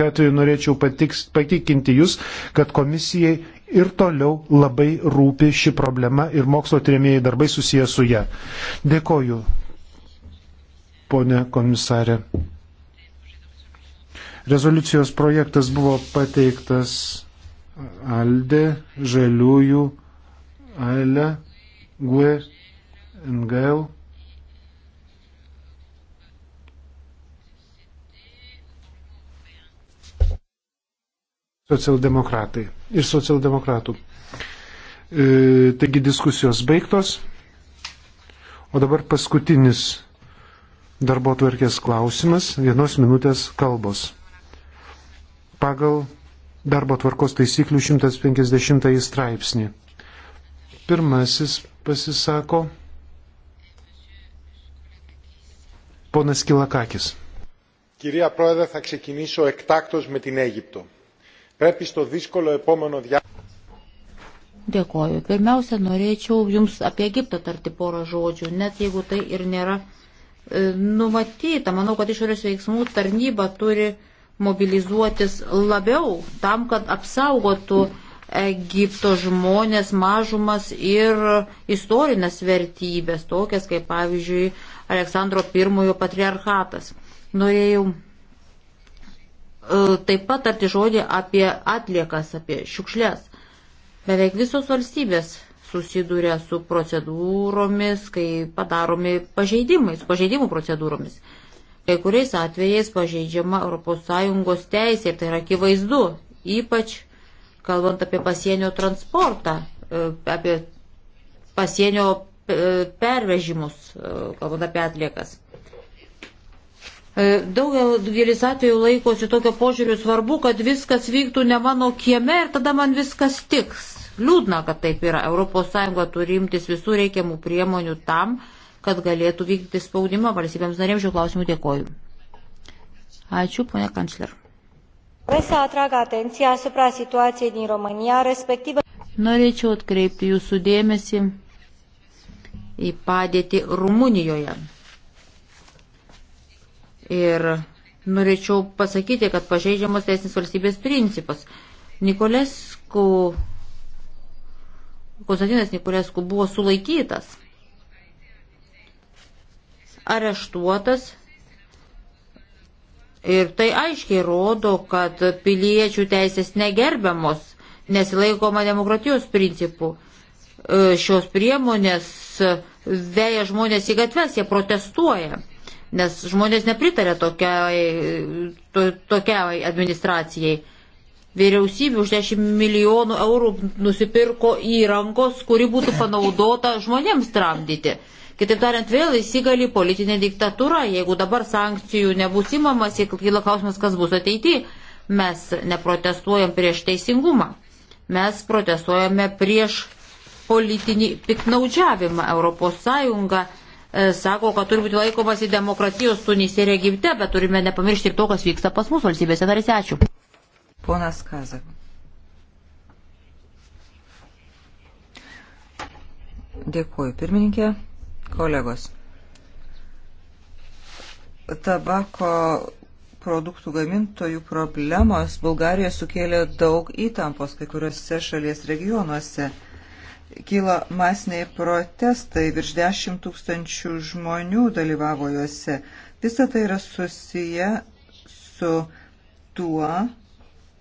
kad norėčiau patiks, patikinti Jūs, kad komisijai ir toliau labai rūpi ši problema ir mokslo trėmėjai darbai susiję su ją. Dėkoju, ponė komisarė. Rezoliucijos projektas buvo pateiktas Alde, Žaliųjų, Ale, Gue, NGL. socialdemokratai ir socialdemokratų. E, taigi diskusijos baigtos. O dabar paskutinis darbo tvarkės klausimas - vienos minutės kalbos. Pagal darbo tvarkos taisyklių 150 straipsnį. Pirmasis pasisako ponas Kilakakis. Κυρία Πρόεδρε, θα ξεκινήσω εκτάκτως με την Αίγυπτο πρέπει στο δύσκολο επόμενο διάστημα. Dėkoju. Pirmiausia, norėčiau Jums apie Egiptą tarti porą žodžių, net jeigu tai ir nėra e, numatyta. Manau, kad išorės veiksmų tarnyba turi mobilizuotis labiau tam, kad apsaugotų Egipto žmonės, mažumas ir istorinės vertybės, tokias kaip pavyzdžiui Aleksandro I patriarchatas. Norėjau E, taip pat tarti žodį apie atliekas, apie šiukšlės. Beveik visos valstybės susiduria su procedūromis, kai padaromi pažeidimai, su pažeidimų procedūromis. Kai kuriais atvejais pažeidžiama ES teisė ir tai yra akivaizdu, ypač kalbant apie pasienio transportą, e, apie pasienio e, pervežimus, kalbant apie atliekas. E, daugelis atvejų laikosi tokio požiūrių svarbu, kad viskas vyktų ne mano kieme ir tada man viskas tiks. Liūdna, kad taip yra. ES turi imtis visų reikiamų priemonių tam, kad galėtų vykdyti spaudimą valstybėms narėms. Šiuo klausimu dėkoju. Ačiū, ponia kancler. Norėčiau atkreipti jūsų dėmesį į padėtį Rumunijoje. Ir norėčiau pasakyti, kad pažeidžiamas teisinės valstybės principas. Nikolesku, Konstantinas Nikolesku buvo sulaikytas, areštuotas ir tai aiškiai rodo, kad piliečių teisės negerbiamos, nesilaikoma demokratijos principų. E, šios priemonės veja žmonės į gatves, jie protestuoja nes žmonės nepritarė tokiai, to, tokiai administracijai. Vyriausybė už 10 milijonų eurų nusipirko įrangos, kuri būtų panaudota žmonėms tramdyti. Kitaip tariant, vėl įsigali politinė diktatūra. Jeigu dabar sankcijų nebus įmamas, kyla klausimas, kas bus ateityje. Mes neprotestuojam prieš teisingumą. Mes protestuojame prieš politinį piknaudžiavimą. Europos Sąjunga E, sako, kad turi būti laikomasi demokratijos Tunise ir Egipte, bet turime nepamiršti ir to, kas vyksta pas mūsų valstybėse narėse. Ačiū. Ponas Kazak. Dėkuoju, pirmininkė, kolegos. Tabako produktų gamintojų problemos Bulgarijoje sukėlė daug įtampos kai kuriuose šalies regionuose kyla masiniai protestai, virš 10 tūkstančių žmonių dalyvavo juose. Visa tai yra susiję su tuo,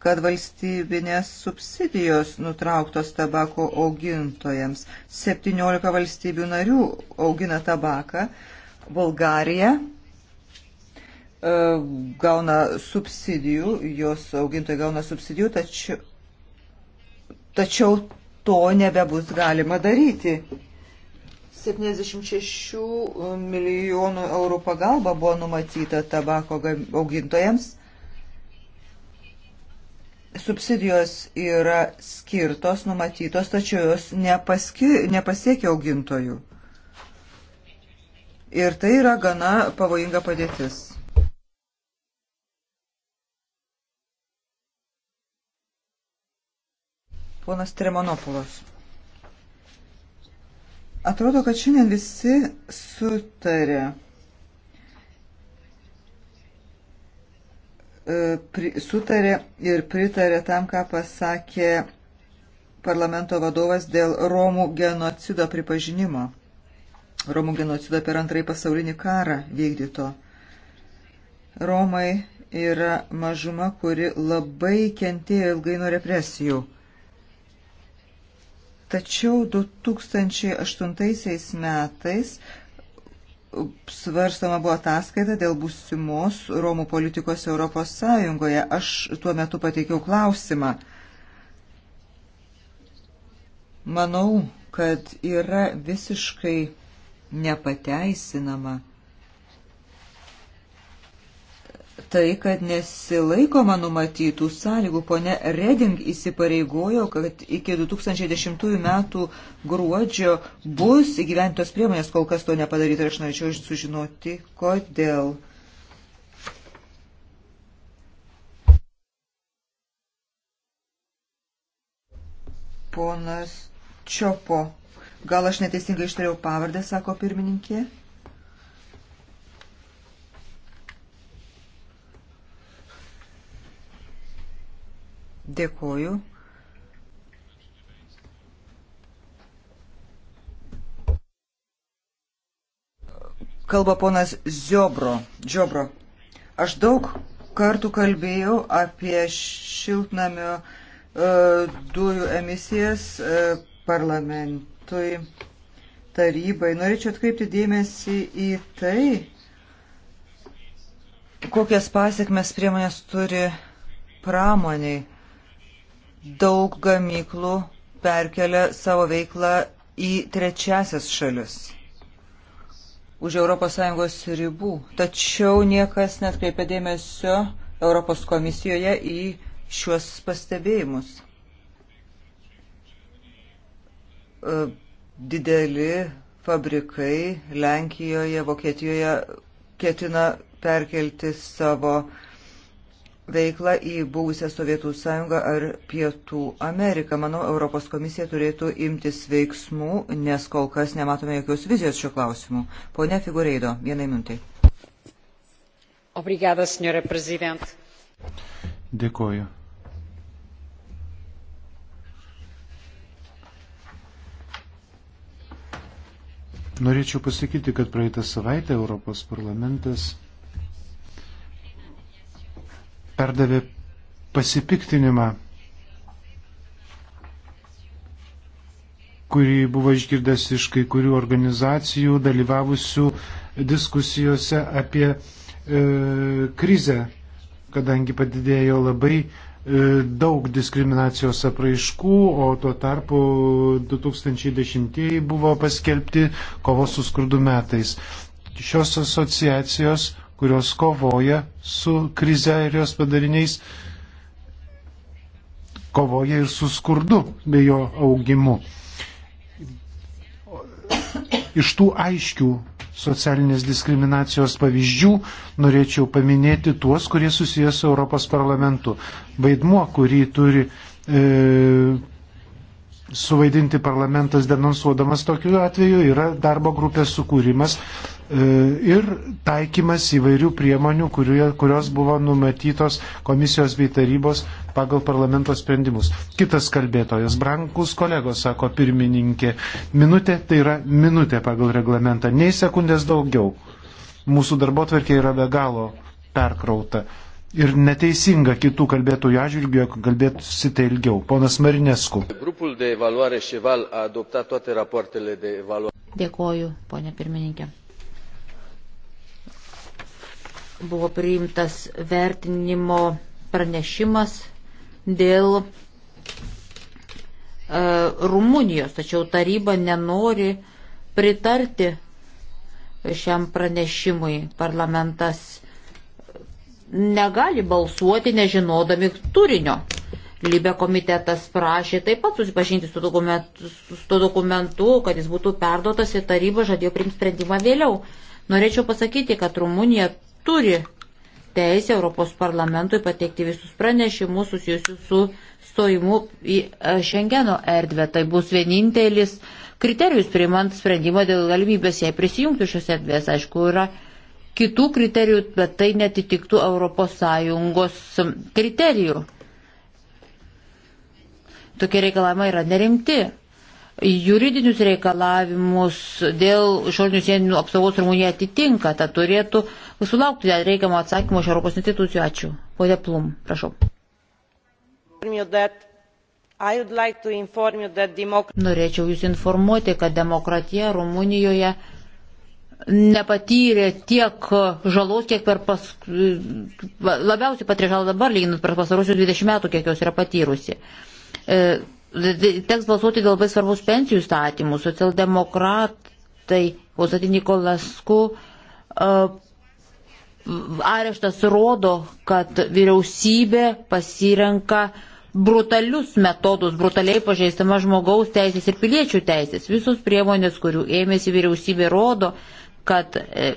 kad valstybinės subsidijos nutrauktos tabako augintojams. 17 valstybių narių augina tabaką. Bulgarija e, gauna subsidijų, jos augintojai gauna subsidijų, tačiau, tačiau to nebebus galima daryti. 76 milijonų eurų pagalba buvo numatyta tabako augintojams. Subsidijos yra skirtos, numatytos, tačiau jos nepaski, nepasiekia augintojų. Ir tai yra gana pavojinga padėtis. ponas Tremonopulos. Atrodo, kad šiandien visi sutarė e, sutarė ir pritarė tam, ką pasakė parlamento vadovas dėl Romų genocido pripažinimo. Romų genocido per antrąjį pasaulinį karą vykdyto. Romai yra mažuma, kuri labai kentėjo ilgai nuo represijų. Tačiau 2008 metais svarstama buvo ataskaita dėl būsimos Romų politikos Europos Sąjungoje. Aš tuo metu pateikiau klausimą. Manau, kad yra visiškai nepateisinama tai, kad nesilaikoma numatytų sąlygų. Pone Reding įsipareigojo, kad iki 2010 metų gruodžio bus įgyventos priemonės, kol kas to nepadaryta ir aš norėčiau sužinoti, kodėl. Ponas Čiopo. Gal aš neteisingai ištariau pavardę, sako pirmininkė? Dėkuoju. Kalba ponas Ziobro. Žiobro. Aš daug kartų kalbėjau apie šiltnamio uh, dujų emisijas uh, parlamentui tarybai. Norėčiau atkreipti dėmesį į tai, kokias pasiekmes priemonės turi pramoniai daug gamyklų perkelia savo veiklą į trečiasias šalis už ES ribų. Tačiau niekas netkreipia dėmesio Europos komisijoje į šiuos pastebėjimus. E, dideli fabrikai Lenkijoje, Vokietijoje ketina perkelti savo uh, veiklą į buvusią Sovietų sąjungą ar Pietų Ameriką. Manau, Europos komisija turėtų imtis veiksmų, nes kol kas nematome jokios vizijos šiuo klausimu. Pone Figureido, vienai minutai. Obrigada, senjore prezident. Dėkoju. Norėčiau pasakyti, kad praeitą savaitę Europos parlamentas perdavė pasipiktinimą, kurį buvo išgirdęs iš kai kurių organizacijų dalyvavusių diskusijose apie e, krizę, kadangi padidėjo labai e, daug diskriminacijos apraiškų, o tuo tarpu 2010-ieji buvo paskelbti kovos su skurdu metais. Šios asociacijos kurios kovoja su krize ir jos padariniais, kovoja ir su skurdu bei jo augimu. Iš tų aiškių socialinės diskriminacijos pavyzdžių norėčiau paminėti tuos, kurie susijęs su Europos parlamentu. Vaidmuo, kurį turi e, suvaidinti parlamentas denonsuodamas tokiu atveju yra darbo grupės sukūrimas e, ir taikymas įvairių priemonių, kurie, kurios buvo numatytos komisijos bei tarybos pagal parlamento sprendimus. Kitas kalbėtojas, brangus kolegos, sako pirmininkė, minutė tai yra minutė pagal reglamentą, nei sekundės daugiau. Mūsų darbo tvarkė yra be galo perkrauta ir neteisinga kitų kalbėtojų atžvilgių, jog kalbėtusite ilgiau. Ponas Marinesku. Dėkoju, ponė pirmininkė. Buvo priimtas vertinimo pranešimas dėl e, Rumunijos, tačiau taryba nenori pritarti šiam pranešimui. Parlamentas negali balsuoti nežinodami turinio. Libė komitetas prašė taip pat susipažinti su dokumentu, su tuo dokumentu, kad jis būtų perduotas ir taryba žadėjo priimti sprendimą vėliau. Norėčiau pasakyti, kad Rumunija turi teisę Europos parlamentui pateikti visus pranešimus susijusius su stojimu į Šengeno e, erdvę. Tai bus vienintelis kriterijus priimant sprendimą dėl galimybės jai prisijungti šios erdvės. Aišku, yra kitų kriterijų, bet tai netitiktų ES kriterijų. Tokie reikalavimai yra nerimti. Juridinius reikalavimus dėl išorinių sienų apsaugos Rumunija atitinka, tad turėtų sulaukti reikiamo atsakymo iš Europos institucijų. Ačiū. Pone Plum, prašau. Norėčiau Jūs informuoti, kad demokratija Rumunijoje nepatyrė tiek žalos, kiek per pas... labiausiai patirė žalą dabar, lyginant per pasarosius 20 metų, kiek jos yra patyrusi. E, tai teks balsuoti dėl labai svarbus pensijų statymų. Socialdemokratai, Osatinį Kolasku, e, areštas rodo, kad vyriausybė pasirenka brutalius metodus, brutaliai pažeistama žmogaus teisės ir piliečių teisės. Visos priemonės, kurių ėmėsi vyriausybė, rodo, kad e,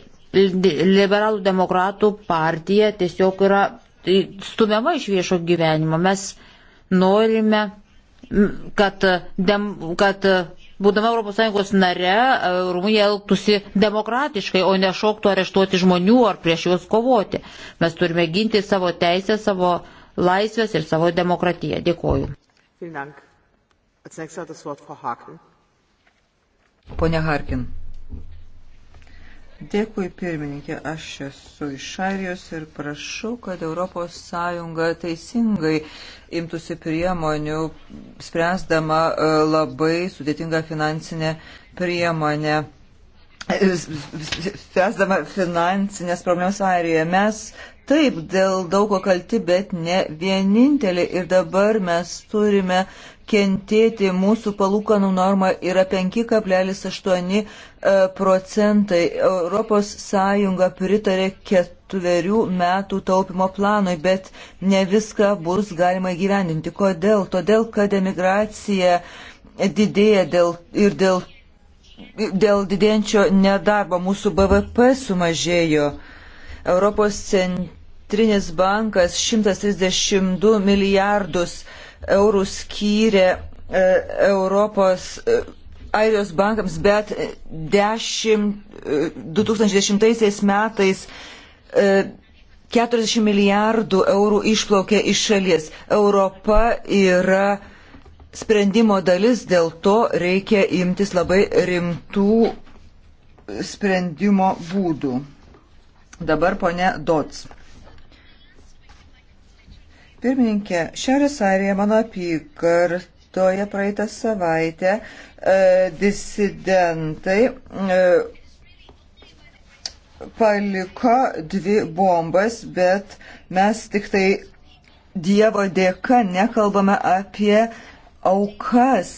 liberalų demokratų partija tiesiog yra tai stumiama iš viešo gyvenimo. Mes norime, kad, dem, kad būdama ES nare, e, Rumunija elgtųsi demokratiškai, o ne šoktų areštuoti žmonių ar prieš juos kovoti. Mes turime ginti savo teisę, savo laisvės ir savo demokratiją. Dėkoju. Pone Harkin. Dėkui pirmininkė, aš esu iš Airijos ir prašau, kad ES teisingai imtųsi priemonių, spręsdama e, labai sudėtingą finansinę priemonę, e, spręsdama finansinės problemas Airijoje. Mes taip dėl daugo kalti, bet ne vienintelį ir dabar mes turime uh, kentėti mūsų palūkanų norma yra 5,8 e, procentai. Europos Sąjunga pritarė ketverių metų taupimo planui, bet ne viską bus galima įgyvendinti. Kodėl? Todėl, kad emigracija didėja dėl, ir dėl, dėl didėjančio nedarbo mūsų BVP sumažėjo. Europos centrinis bankas 132 milijardus eurų eurų skyrė e, Europos e, Airijos bankams, bet 10, 2010 e, metais 40 milijardų eurų išplaukė iš šalies. Europa yra sprendimo dalis, dėl to reikia imtis labai rimtų sprendimo būdų. Dabar ponė Dots. Pirmininkė, Šiaurės Airija mano apygardoje praeitą savaitę e, disidentai e, paliko dvi bombas, bet mes tik tai Dievo dėka nekalbame apie aukas.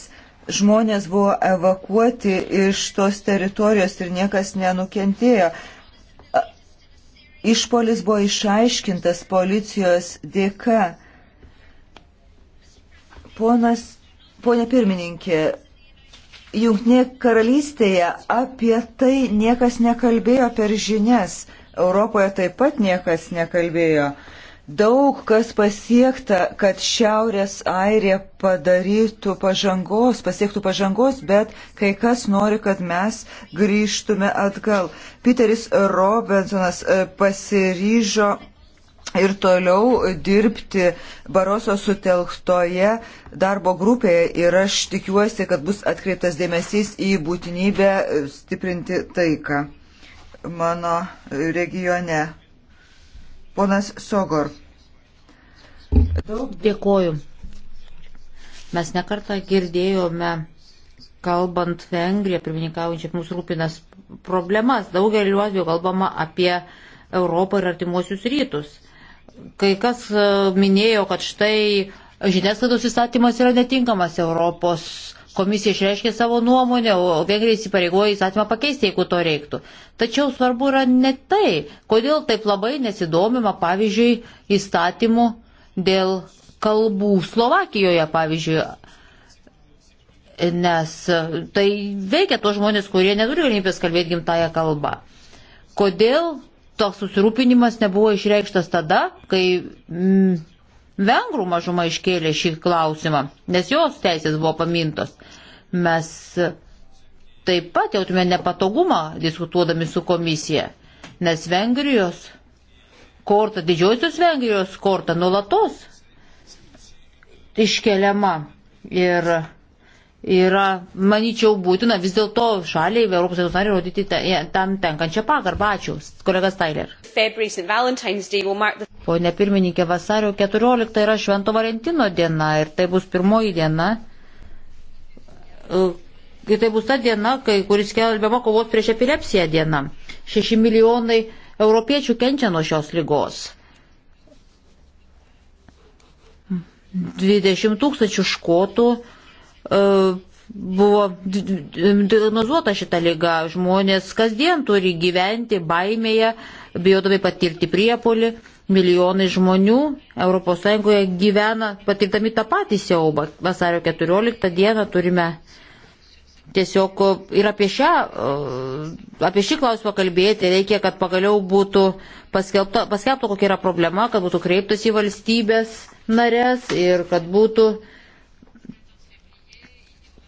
Žmonės buvo evakuoti iš tos teritorijos ir niekas nenukentėjo. Išpolis buvo išaiškintas policijos dėka. Ponas, ponė pirmininkė, Junknė karalystėje apie tai niekas nekalbėjo per žinias, Europoje taip pat niekas nekalbėjo. Daug kas pasiekta, kad Šiaurės Airija padarytų pažangos, pasiektų pažangos, bet kai kas nori, kad mes grįžtume atgal. Peteris Robinsonas e, pasiryžo ir toliau dirbti Baroso sutelktoje darbo grupėje ir aš tikiuosi, kad bus atkreiptas dėmesys į būtinybę stiprinti taiką mano regione. Ponas Sogor. Dėkoju. Mes nekartą girdėjome, kalbant Vengriją, pirmininkaujančią, mūsų rūpinas problemas. Daugeliu atveju kalbama apie Europą ir artimuosius rytus. Kai kas e, minėjo, kad štai žiniasklaidos įstatymas yra netinkamas Europos komisija išreiškė savo nuomonę, o Vengrija įsipareigoja įstatymą pakeisti, jeigu to reiktų. Tačiau svarbu yra ne tai, kodėl taip labai nesidomima, pavyzdžiui, įstatymu dėl kalbų Slovakijoje, pavyzdžiui, nes e, tai veikia tos žmonės, kurie neturi galimybės kalbėti gimtają kalbą. Kodėl toks susirūpinimas nebuvo išreikštas tada, kai mm, vengrų mažuma iškėlė šį klausimą, nes jos teisės buvo pamintos. Mes taip pat jautume nepatogumą diskutuodami su komisija, nes Vengrijos korta, didžiosios Vengrijos korta nulatos iškeliama ir yra, manyčiau, būtina vis dėlto šaliai Europos Sąjungos nariai rodyti ten, tam tenkančią pagarbą. Ačiū, kolegas Tyler. Pone pirmininkė, vasario 14 yra Švento Valentino diena ir tai bus pirmoji diena. E, ir tai bus ta diena, kai, kuris kelbiama kovos prieš epilepsiją diena. 6 milijonai europiečių kenčia nuo šios lygos. 20 tūkstančių škotų e, buvo diagnozuota šita lyga. Žmonės kasdien turi gyventi baimėje, bijodami patirti priepolį milijonai žmonių ES gyvena patirdami tą patį siaubą. Vasario 14 dieną turime tiesiog e, ir apie, šią, e, apie šį klausimą kalbėti. Reikia, kad pagaliau būtų paskelbta, paskelbta kokia yra problema, kad būtų kreiptas į valstybės narės ir kad būtų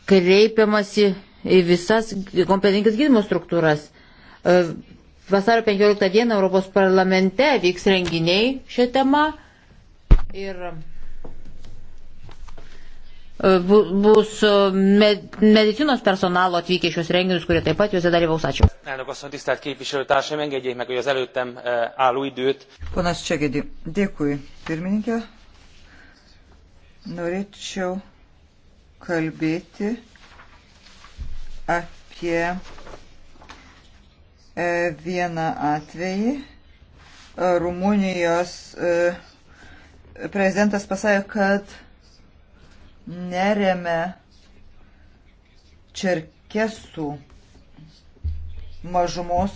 kreipiamasi į visas kompetentingas gydymo struktūras e, Vasario 15 dieną Europos parlamente vyks renginiai šią temą ir e, bus e, medicinos personalo atvykę šios renginius, kurie taip pat juose dalyvaus. Ačiū. Elnök asszony, tisztelt képviselőtársaim, engedjék meg, hogy az előttem e, álló időt. Ponas Čegedi, dėkui, pirmininkė. Norėčiau kalbėti apie E, vieną atvejį. E, Rumunijos e, prezidentas pasakė, kad neremia čerkesų mažumos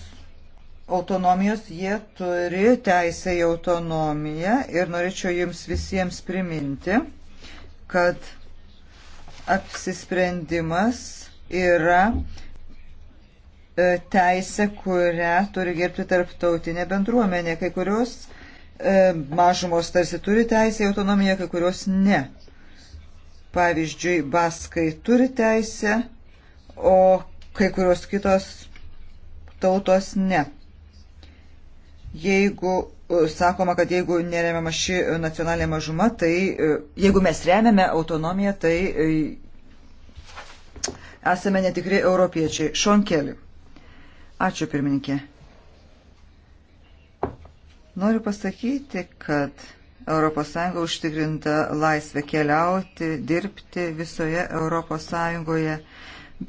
autonomijos, jie turi teisę į autonomiją ir norėčiau jums visiems priminti, kad apsisprendimas yra E, teisę, kurią turi gerbti tarptautinė bendruomenė. Kai kurios e, mažumos tarsi turi teisę į autonomiją, kai kurios ne. Pavyzdžiui, baskai turi teisę, o kai kurios kitos tautos ne. Jeigu e, sakoma, kad jeigu neremiama ši nacionalinė mažuma, tai jeigu mes remiame autonomiją, tai esame netikri europiečiai. Šonkeli. Ačiū pirmininkė. Noriu pasakyti, kad ES užtikrinta laisvė keliauti, dirbti visoje ES,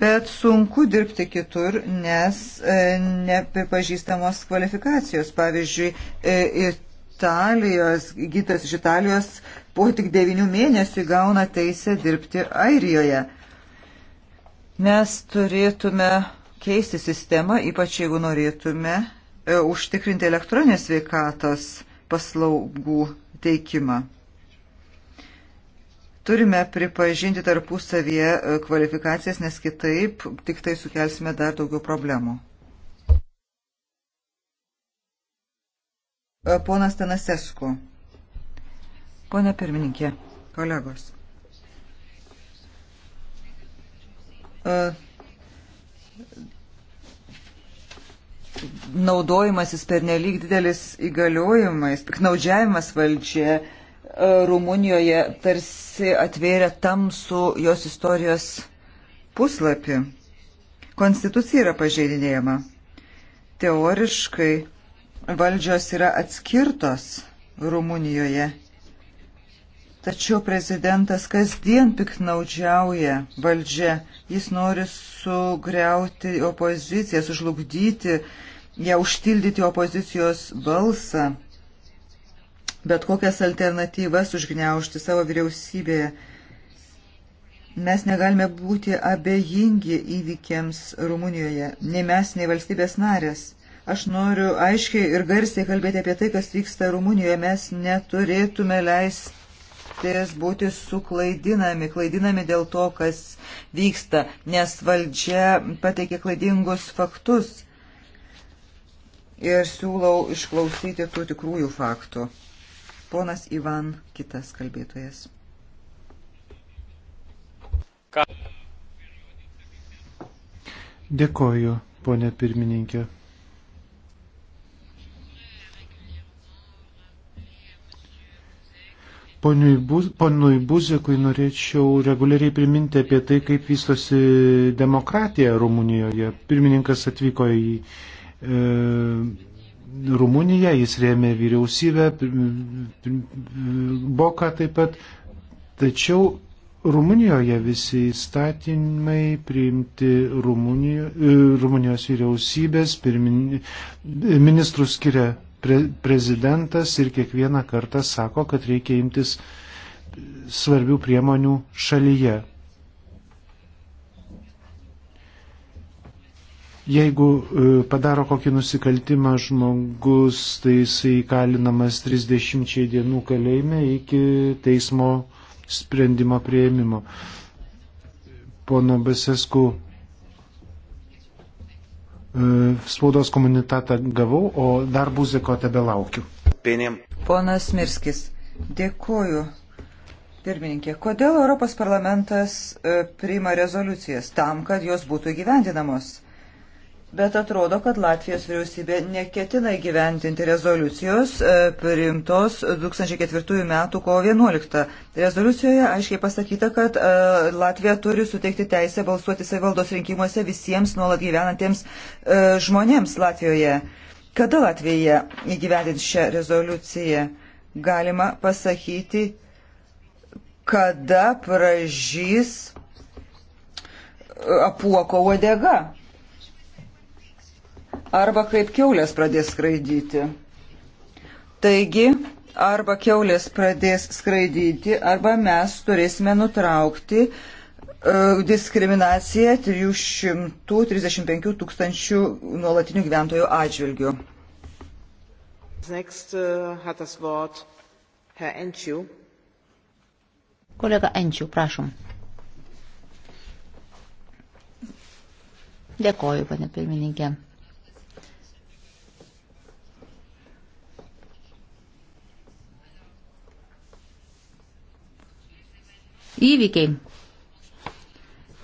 bet sunku dirbti kitur, nes e, nepripažįstamos kvalifikacijos. Pavyzdžiui, e, Italijos, gytas iš Italijos po tik devinių mėnesių gauna teisę dirbti Airijoje. Mes turėtume keisti sistemą, ypač jeigu norėtume e, užtikrinti elektroninės veikatos paslaugų teikimą. Turime pripažinti tarpusavyje e, kvalifikacijas, nes kitaip tik tai sukelsime dar daugiau problemų. E, ponas Tanasesku. Pone pirmininkė, kolegos. Uh, e, naudojimasis per nelik didelis įgaliojimais, piknaudžiavimas valdžia e, Rumunijoje tarsi atvėrė tamsų jos istorijos puslapį. Konstitucija yra pažeidinėjama. Teoriškai valdžios yra atskirtos Rumunijoje. Tačiau prezidentas kasdien piknaudžiauja valdžia. Jis nori sugriauti opoziciją, sužlugdyti neužtildyti opozicijos balsą, bet kokias alternatyvas užgneušti savo vyriausybėje. Mes negalime būti abejingi įvykiams Rumunijoje, nei mes, nei valstybės narės. Aš noriu aiškiai ir garsiai kalbėti apie tai, kas vyksta Rumunijoje. Mes neturėtume leistis būti suklaidinami, klaidinami dėl to, kas vyksta, nes valdžia pateikė klaidingus faktus ir siūlau išklausyti tų tikrųjų faktų. Ponas Ivan, kitas kalbėtojas. Ką? Dėkoju, ponė pirmininkė. Ponui, Buz, ponui Buzekui norėčiau reguliariai priminti apie tai, kaip vystosi demokratija Rumunijoje. Pirmininkas atvyko į E, Rumuniją, jis rėmė vyriausybę, Boką taip pat. Tačiau Rumunijoje visi įstatymai priimti Rumunijo, e, Rumunijos vyriausybės, pirmin, ministrus skiria pre, prezidentas ir kiekvieną kartą sako, kad reikia imtis svarbių priemonių šalyje. Jeigu e, padaro kokį nusikaltimą žmogus, tai jisai įkalinamas 30 dienų kalėjime iki teismo sprendimo prieimimo. Pono Basesku e, spaudos komunitatą gavau, o dar buziko tebe laukiu. Pinim. Ponas Mirskis, dėkuoju. Pirmininkė, kodėl Europos parlamentas e, priima rezoliucijas tam, kad jos būtų įgyvendinamos? bet atrodo, kad Latvijos vyriausybė neketina įgyventinti rezoliucijos e, priimtos 2004 m. kovo 11. Rezoliucijoje aiškiai pasakyta, kad e, Latvija turi suteikti teisę balsuoti savivaldos rinkimuose visiems nuolat gyvenantiems e, žmonėms Latvijoje. Kada Latvija įgyvendins šią rezoliuciją? Galima pasakyti, kada pražys apuoko odega arba kaip keulės pradės skraidyti. Taigi, arba keulės pradės skraidyti, arba mes turėsime nutraukti e, diskriminacija 335 tūkstančių nuolatinių gyventojų atžvilgių. Next, uh, word, Enčiu. Kolega Enčių, prašom. Dėkoju, pane pirmininkė. įvykiai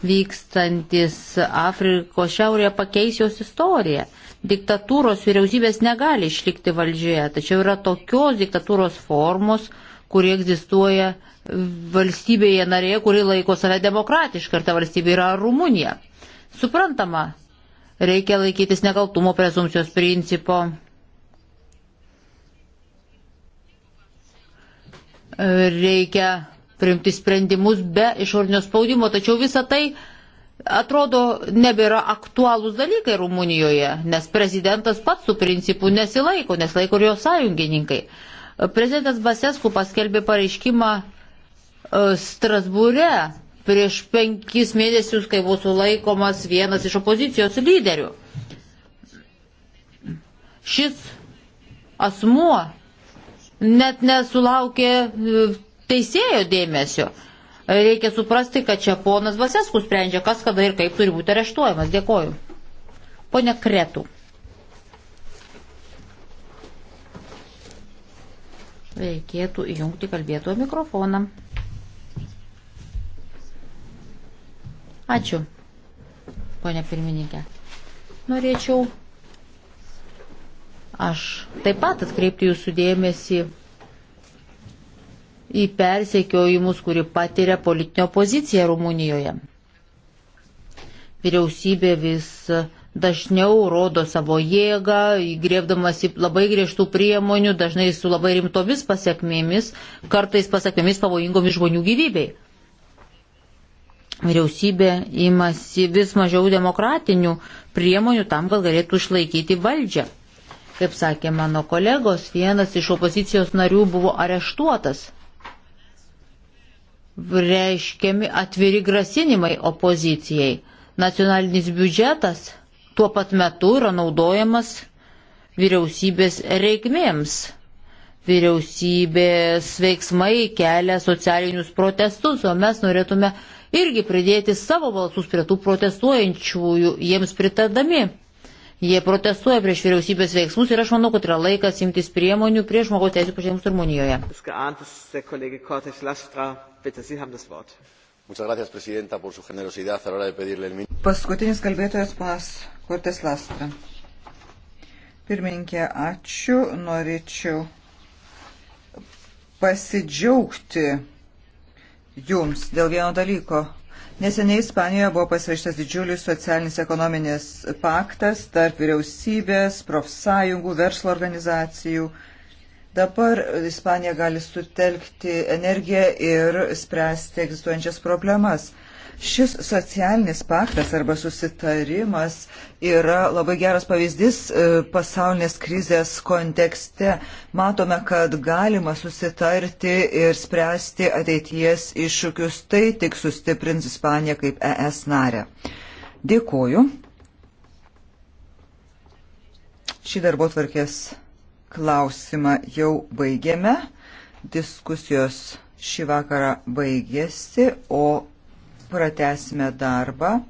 vykstantis Afrikos šiaurėje pakeis jos istoriją. Diktatūros vyriausybės negali išlikti valdžioje, tačiau yra tokios diktatūros formos, kurie egzistuoja valstybėje narėje, kuri laiko save demokratišką ir ta valstybė yra Rumunija. Suprantama, reikia laikytis nekaltumo prezumpcijos principo. Reikia priimti sprendimus be išorinio spaudimo, tačiau visa tai atrodo nebėra aktualūs dalykai Rumunijoje, nes prezidentas pats tų principų nesilaiko, nesilaiko ir jo sąjungininkai. Prezidentas Basesku paskelbė pareiškimą e, Strasbūre prieš penkis mėnesius, kai buvo sulaikomas vienas iš opozicijos lyderių. Šis asmuo net nesulaukė e, teisėjo dėmesio. Reikia suprasti, kad čia ponas Vaseskus sprendžia, kas kada ir kaip turi būti areštuojamas. Dėkoju. Pone Kretų. Reikėtų įjungti kalbėtojo mikrofoną. Ačiū, ponia pirmininkė. Norėčiau aš taip pat atkreipti jūsų dėmesį į persekiojimus, kuri patiria politinio poziciją Rumunijoje. Vyriausybė vis dažniau rodo savo jėgą, įgrėbdamas į labai griežtų priemonių, dažnai su labai rimtomis pasiekmėmis, kartais pasiekmėmis pavojingomis žmonių gyvybei. Vyriausybė imasi vis mažiau demokratinių priemonių tam, kad galėtų išlaikyti valdžią. Kaip sakė mano kolegos, vienas iš opozicijos narių buvo areštuotas reiškiami atviri grasinimai opozicijai. Nacionalinis biudžetas tuo pat metu yra naudojamas vyriausybės reikmėms. Vyriausybės veiksmai kelia socialinius protestus, o mes norėtume irgi pridėti savo balsus prie tų protestuojančiųjų, jiems pritardami. Jie protestuoja prieš vyriausybės veiksmus ir aš manau, kad yra laikas imtis priemonių prieš žmogaus teisų pažeidimus Rumunijoje. Paskutinis kalbėtojas panas Kortes Lastra. Pirmininkė, ačiū. Norėčiau pasidžiaugti jums dėl vieno dalyko. Neseniai Ispanijoje buvo pasirašytas didžiulis socialinis ekonominis paktas tarp vyriausybės, profsąjungų, verslo organizacijų. Dabar Ispanija gali sutelkti energiją ir spręsti egzistuojančias problemas. Šis socialinis paktas arba susitarimas yra labai geras pavyzdys e, pasaulinės krizės kontekste. Matome, kad galima susitarti ir spręsti ateities iššūkius. Tai tik sustiprins Ispaniją kaip ES narę. Dėkuoju. Šį darbo tvarkės klausimą jau baigėme. Diskusijos šį vakarą baigėsi, o pratesime darbą.